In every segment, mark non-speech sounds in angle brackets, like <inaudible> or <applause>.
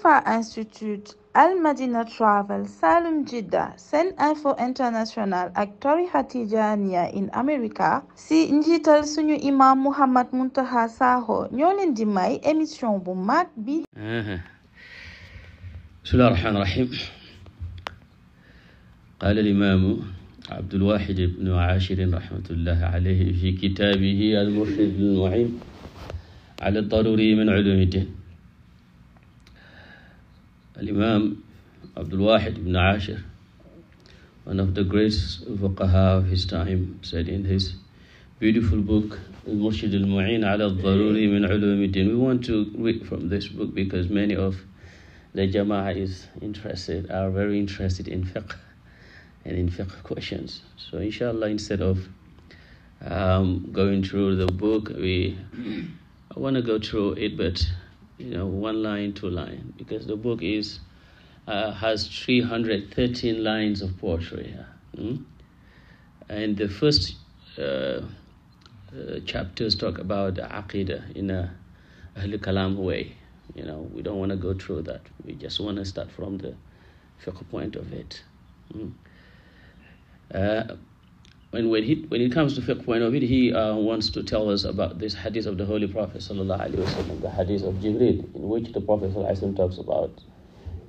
ITFA Institute Al Madina Travel Salum Jidda Sen Info International ak tarixa Tijaaniya in America si njiital suñu imam Muhammad Muntaha Sakho ñoo leen di may émission bu mag bi bismillahi rahmaani rahim qaala al-imaamu Abdulwahid ibnu Aashir rahmatullahi alayhi fi kitaabihi al-Murshid al-Mu'in ala ad-daruri min ulumi ad-din Al-Imam Abdul Wahid ibn Ashir, one of the greatest fuqaha of his time, said in his beautiful book, Al-Murshid Al-Mu'in ala Al-Daruri min Ulum Al-Din. We want to read from this book because many of the Jama'ah is interested, are very interested in fiqh and in fiqh questions. So inshallah, instead of um, going through the book, we I want to go through it, but you know, one line, two line, because the book is uh, has 313 lines of poetry. Mm? And the first uh, uh, chapters talk about Aqidah in a Ahl Kalam way. You know, we don't want to go through that. We just want to start from the fiqh point of it. Mm? And when, he, when it comes to fiqh point of it, he uh, wants to tell us about this hadith of the Holy Prophet وسلم, the hadith of Jibril, in which the Prophet وسلم, talks about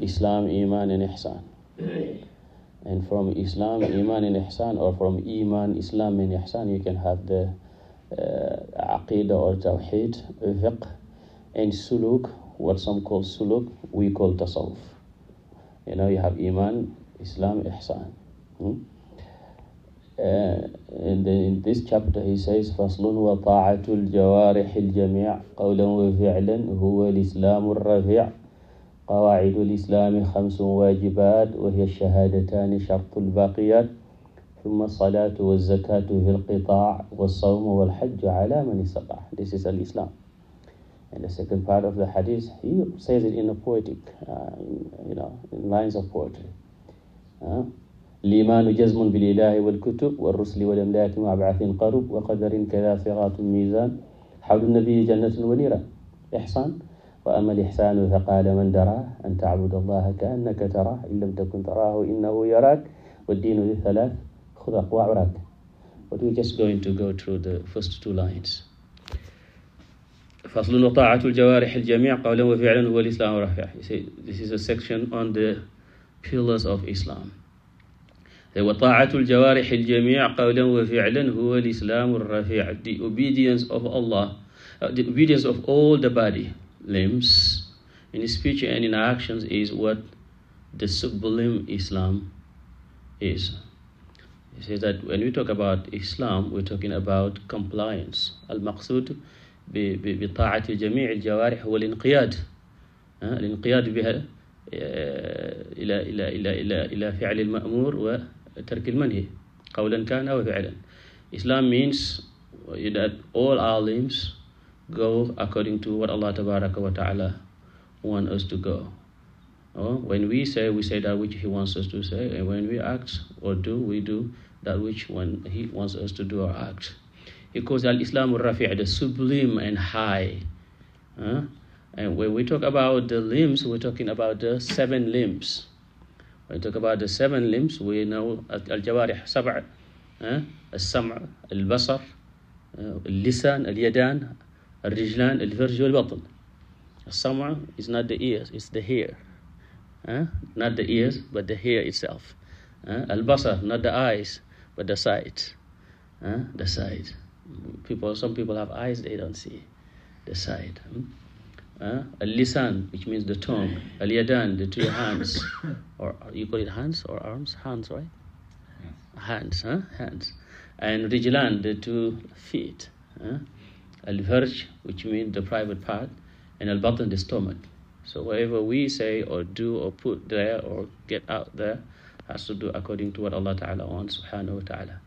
Islam, Iman, and Ihsan. And from Islam, Iman, and Ihsan, or from Iman, Islam, and Ihsan, you can have the uh, Aqidah or Tawheed, Fiqh, and Suluk, what some call Suluk, we call Tasawwuf. You know, you have Iman, Islam, Ihsan. Hmm? in this chapter he says faslun wa taacatu aljawaarixi aljamic qawlan wa ficlan huwa alislaamu alrafic qawaacidu alislaami xamsun waajibaat wa hiya shahaadataani shartu albaaqiyaat summa alsalaatu walzakaatu fi alqitaac walsawmu walxajju cala man istataac this is alislam and the second part of the hadith he says it in a poetic uh, you know in lines of poetry uh, limaanu jazmun bil ilahi wal kutub wa rusli wal amlaaki ma baatin qarub wa qadarin kada siraatun miizaan xawlu nabii jannatun wa niira ixsaan wa ama lixsaanu fa qaala man daraa an tacbud allaha ka annaka taraa in lam takun taraahu innahu yaraak wa diinu li thalaat xudaq wa curaak but we're just going to go through the first two lines faslun wa taacatul jawaarix aljamiic qawlan wa ficlan huwa alislaamu rafiic this is a section on the pillars of Islam wa taacatul jawaarixi aljamic qawlan wa ficlan huwa alislaamu alrafic the obedience of Allah uh, the obedience of all the body limbs in speech and in actions is what the sublime Islam is he says that when we talk about Islam we're talking about compliance المقصود بطاعة جميع الجوارح هو الانقياد الانقياد بها إلى إلى إلى إلى إلى فعل المأمور tarkil manhi qawlan kana aw fi'lan Islam means that all our limbs go according to what Allah tabaraka wa ta'ala want us to go oh, when we say we say that which he wants us to say and when we act or do we do that which when he wants us to do or act he calls al-islam rafi' the sublime and high huh? and when we talk about the limbs we're talking about the seven limbs When we talk about the seven limbs, we know al-jawarih sab'a, eh? al-sam', al-basar, eh? al-lisan, al-yadan, al-rijlan, al-farj, wal-batn. Al-sam' is not the ears, it's the eh? Not the ears, but the hair itself. not the eyes, but the The sight. some people have eyes, they don't see the sight. uh, al-lisan, which means the tongue, al-yadan, the two hands, <coughs> or you call it hands or arms? Hands, right? Yes. Hands, huh? Hands. And rijlan, the two feet. Huh? Al-farj, which means the private part, and al-batn, the stomach. So whatever we say or do or put there or get out there has to do according to what Allah Ta'ala wants, subhanahu wa ta'ala.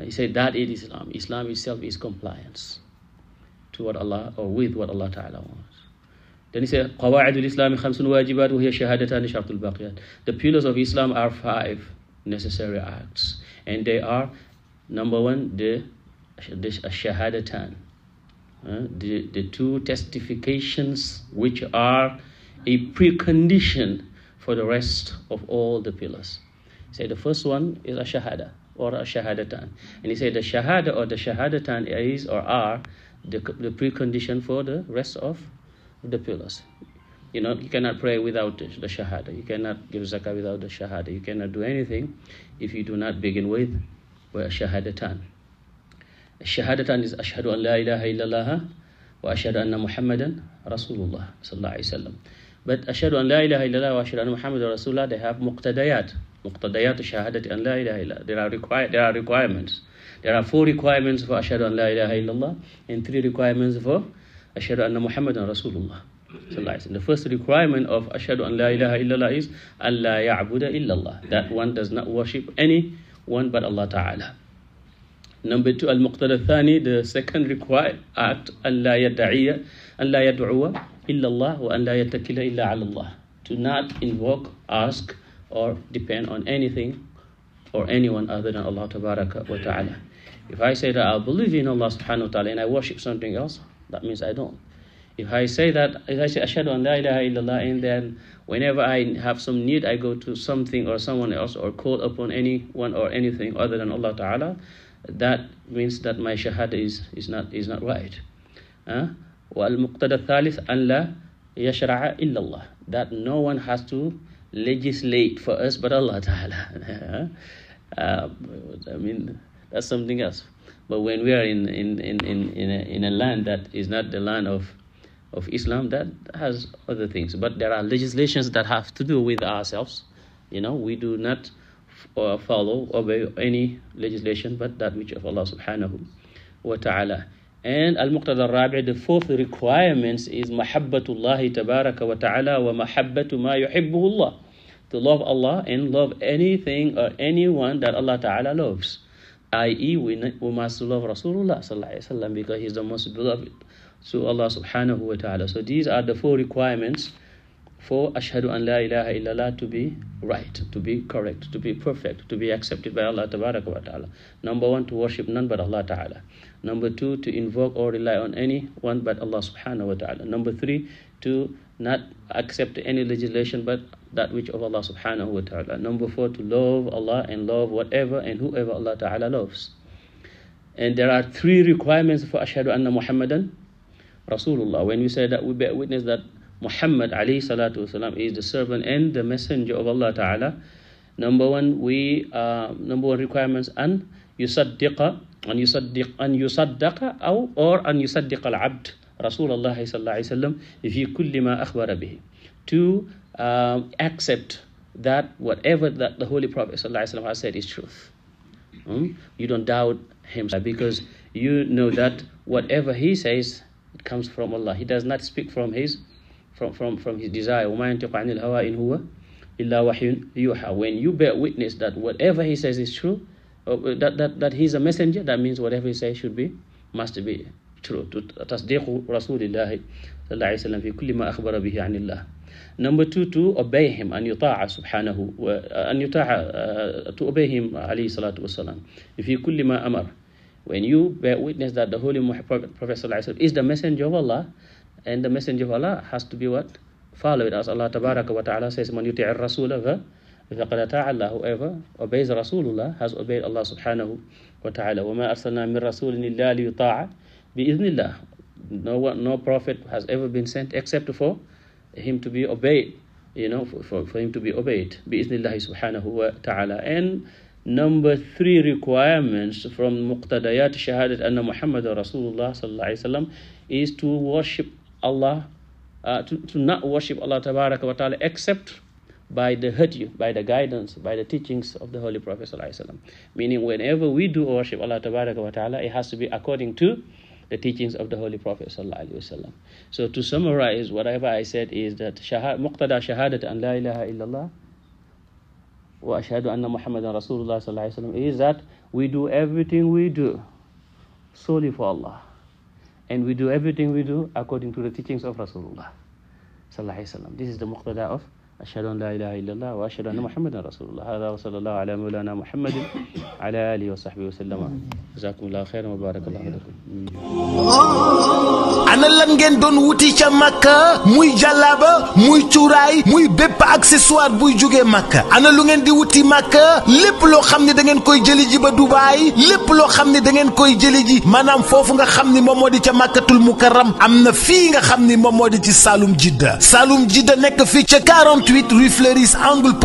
He said that is Islam. Islam itself is compliance. to what Allah or with what Allah Ta'ala wants. Then he said, Qawaidul Islam khamsun wajibat wa hiya shahadatan shartul baqiyat. The pillars of Islam are five necessary acts. And they are number one, the, the shahadatan, uh, the, the two testifications which are a precondition for the rest of all the pillars. Say the first one is a shahada or a shahadatan. And he said the shahada or the shahadatan is or are the, the precondition for the rest of the pillars. You know, you cannot pray without the, the Shahada. You cannot give zakah without the Shahada. You cannot do anything if you do not begin with well, Shahadatan. Shahadatan is Ashhadu an la ilaha illallah wa ashhadu anna Muhammadan Rasulullah sallallahu alayhi wa sallam. But ashhadu an la ilaha illallah wa ashhadu anna Muhammadan Rasulullah, they have muqtadayat, muqtadayat shahadati an la ilaha illallah. There are, require, there are requirements. There are four requirements for ashhadu an la ilaha illallah and three requirements for ashhadu anna Muhammadan Rasulullah. So the first requirement of ashhadu an la ilaha illallah is Allah ya'buda illallah. That one does not worship any one but Allah Ta'ala. Number two, al-muqtada thani, the second required act, Allah yad'iyya, Allah yad'uwa illallah wa an la yatakila illa ala Allah. To not invoke, ask, or depend on anything or anyone other than Allah tabaraka wa ta'ala. If I say that I believe in Allah subhanahu wa ta'ala and I worship something else, that means I don't. If I say that, if I say Ashadu an la ilaha illallah, and then whenever I have some need, I go to something or someone else or call upon anyone or anything other than Allah Ta'ala, that means that my Shahada is, is, not, is not right. Huh? wa al muqtada thalith an la yashra'a illa Allah that no one has to legislate for us but Allah Ta'ala <laughs> uh, I mean that's something else but when we are in in in in in a, in a land that is not the land of of Islam that has other things but there are legislations that have to do with ourselves you know we do not uh, follow obey any legislation but that which of Allah subhanahu wa ta'ala And Al-Muqtada Rabi, the fourth requirement is Mahabbatullahi Tabaraka wa Ta'ala wa Mahabbatu Ma Yuhibbuhullah. To love Allah and love anything or anyone that Allah Ta'ala loves. I.e., we, we must love Rasulullah Sallallahu Alaihi Wasallam because he's the most beloved. So Allah Subhanahu wa Ta'ala. So these are the four requirements for ashhadu an la ilaha illallah to be right to be correct to be perfect to be accepted by allah tabaraka wa ta'ala number one to worship none but allah ta'ala number two to invoke or rely on any one but allah subhanahu wa ta'ala number three to not accept any legislation but that which of allah subhanahu wa ta'ala number four to love allah and love whatever and whoever allah ta'ala loves and there are three requirements for ashhadu anna muhammadan rasulullah when we say that we bear witness that Muhammad alayhi salatu wasalam is the servant and the messenger of Allah Ta'ala. Number one, we uh, number one requirements an yusaddiqa an yusaddiq an yusaddaqa aw or an yusaddiq al abd Rasulullah sallallahu alayhi wasallam fi kulli ma akhbara bihi. To uh, accept that whatever that the Holy Prophet sallallahu alayhi wasallam has said is truth. Hmm? You don't doubt him because you know that whatever he says it comes from Allah. He does not speak from his from, from, from his desire. وَمَا يَنْتِقُ عَنِ الْهَوَىٰ إِنْ هُوَ إِلَّا وَحْيٌ يُوحَىٰ When you bear witness that whatever he says is true, uh, that, that, that he's a messenger, that means whatever he says should be, must be true. تَصْدِيقُ رَسُولِ اللَّهِ صلى الله عليه وسلم في كل ما أخبر به عن الله. Number two, to obey him, أن يطاع سبحانه, أن يطاع, uh, to obey him عليه الصلاة والسلام في كل ما أمر. When you bear witness that the Holy Prophet, Prophet is the messenger of Allah, and the messenger of Allah has to be what? Followed as Allah Tabaraka wa Ta'ala says, Man yuti'ir rasulah فَقَدْ أَطَاعَ اللَّهُ Whoever obeys Rasulullah has obeyed Allah subhanahu wa ta'ala. وَمَا أَرْسَلْنَا مِن رَسُولٍ إِلَّا لِيُطَاعَ بِإِذْنِ اللَّهِ no one, no prophet has ever been sent except for him to be obeyed, you know, for, for, for him to be obeyed. بِإِذْنِ subhanahu wa ta'ala. And number three requirements from Muqtadayat Shahadat Anna Muhammad Rasulullah sallallahu alayhi wa is to worship Allah, uh, to, to not worship Allah Tabaraka wa Ta'ala except by the hadith, by the guidance, by the teachings of the Holy Prophet Sallallahu Meaning whenever we do worship Allah Tabaraka wa Ta'ala, it has to be according to the teachings of the Holy Prophet Sallallahu So to summarize, whatever I said is that muqtada shahadat an la ilaha illallah wa ashhadu anna Muhammadan Rasulullah Sallallahu is that we do everything we do solely for Allah And we do everything we do according to the teachings of Rasulullah. This is the muqtada of ashhadu an laa ilaha illa allah wa ashhadu anna muhammadan rasulullah hada wa sallallahu ala mawlana muhammadin ala alihi wa sahbihi wa sallama jazakumullahu ana lan ngeen doon wuti ca màkka muy jàllaaba muy cuuraay muy bépp accessoire buy jógee màkka ana lu ngeen di wuti màkka lépp loo xam ne da ngeen koy jëli ji ba dubaay lépp loo xam ne da ngeen koy jëli ji maanaam foofu nga xam ni moom moo di ca màkkatul mukarram am na fii nga xam ni moom moo di ci salum jidda salum jidda nekk fii ca 40 28 rue Fleuris angle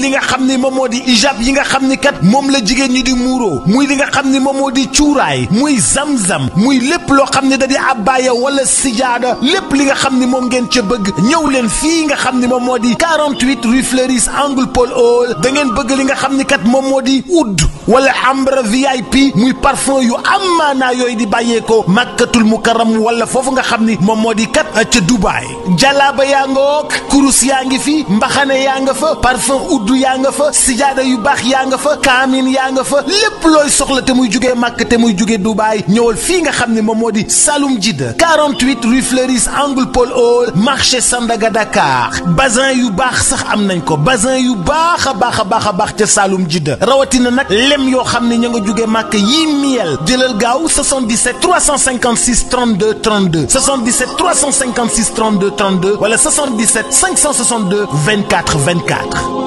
li nga xam ni moom moo di ijab yi nga xam ni kat moom la jigéen ñi di muuro muy li nga xam ni moom moo di cuuraay muy zamzam muy lépp loo xam ni da di abbaaya wala sijaada lépp li nga xam ni moom ngeen ca bëgg ñëw leen fii nga xam ni moom moo di 48 rue Fleuris angle Paul Hall bëgg li nga xam ni kat moom moo di oud wala ambre VIP muy parfum yu amaanaa yooyu di bàyyeekoo makkatul mukarram wala foofu nga xam ni moom moo di kat ca Dubaay jalaaba yaa nga wook kurus yaa ngi ngi fi mbaxane yaa nga fa parfum uddu yaa nga fa sijaada yu baax yaa nga fa kaamin yaa nga fa lépp looy soxla te muy juge Màkk te muy jugee Dubaay ñëwal fii nga xam ne moom moo di Saloum Jidda 48 rue Fleuris angle Paul Hall marché Sandaga Dakar bazin yu baax sax am nañ ko bazin yu baax a baax a baax a baax ca Saloum Jidda rawatina nag lem yoo xam ne ña nga jugee Màkk yii miel jëlal gaaw 77 356 32 32 77 356 32 32 24 24